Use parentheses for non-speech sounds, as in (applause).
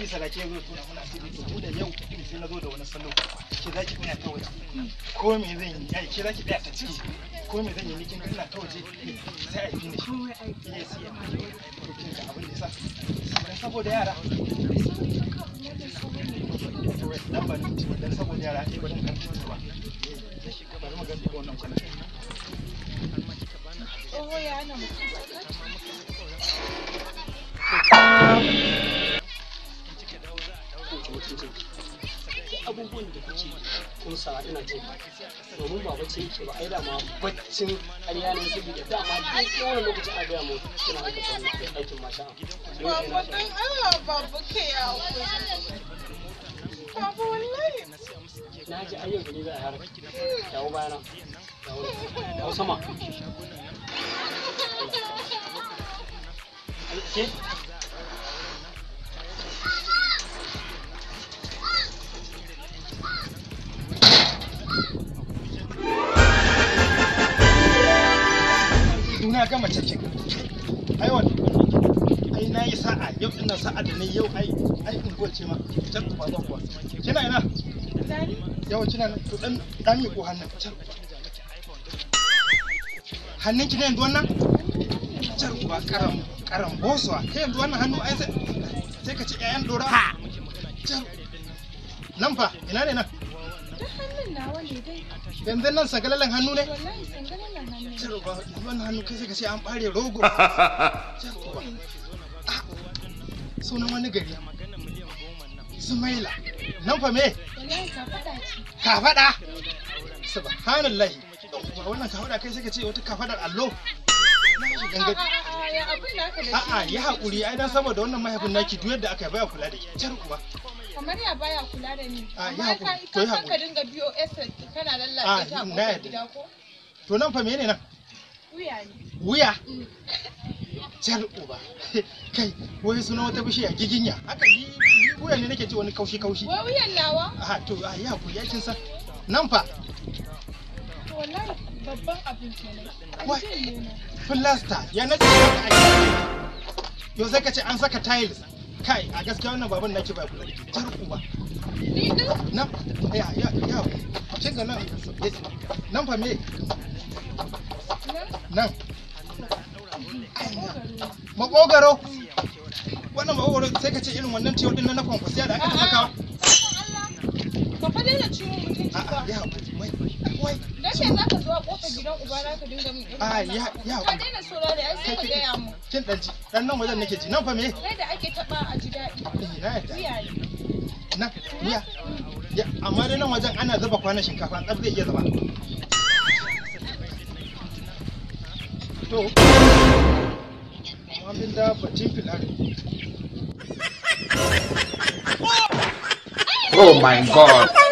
ji salake zo tuna muna asibiti tun da yau sai na zo da wani salo ke zaki ina ta waje ko me zan yi ai ke zaki tsaya ta ciki? ko me zan yi ni kin ina ta waje sai a fini shi wai ai sai ya fara kin ga abin da sa dan saboda yara dan ba ni dan saboda yara ai ba dan kan ci shi bari magana wannan Oh, yeah, I know. sa ina jin domin ba bacci yake ba ai da ma baccin ƙarya ne saboda dama duk wani lokaci a gaya mu suna aikata wannan aikin masha Allah. Babu dan Allah babu ke yawo. Babu wallahi. Na ji ayyau da za a har. Dawo bayana. Dawo sama. (laughs) gama ai wani ai na yi sa'a yau ina sa'a da ni yau ai ai in ma can kuwa kina ina yau kina to dan dan yi ko hannun can hannun yanzu wannan can karam karam bosuwa kai yanzu wannan hannu ai sai ka ci ƴaƴan dora can nan fa ina ne nan yanzu nan sagalalan hannu ne ciro ba wannan hannu kai sai ka ce an bare rogo (laughs) ah, sunan wani gari zumaila nan fa me ka faɗa subhanallah wannan ka faɗa kai sai ka ce wata ka faɗar allo a'a ya haƙuri ai dan saboda wannan mahaifin naki duk yadda aka yi baya kula da ke jar kuwa kamar ya baya kula da ni a amma ka san ka dinga BOS kana lallace ta a gida ko to nan fa menene nan wuya ne wuya mm. jar uba (laughs) kai wai suna wata bishiya giginya haka ni wuya ne nake ce wani kaushi kaushi wai wuyan nawa a ah, to a ah, ya ku ya kin san nan fa wallahi babban abin kenan wai filasta ya nace ka a yau sai ka ce an saka tiles kai a gaskiya wannan baban nake ba kula nan ya ya ya ga nan nan fa me nan makogaro wannan makogaro sai ka ce irin wannan ciwo din na fanfasiya da aka saka Ba fa daina ciwo mutunci ba. Ya wai wai. Dan me za ka zo a kofar gidan uba za ka dinga min irin wannan? ya ya. Ka daina saurare ai sai ka gaya mu. Kin dan ji dan nan wajen nake ji nan fa me? Kai da ake taba a ji daɗi. Eh na yarda. Wuya ne. Nan wuya. Ya amma dai nan wajen ana zuba kwana shinkafa tsaf zai iya zama. To. Amma min da bacin filari. (laughs) Oh my god.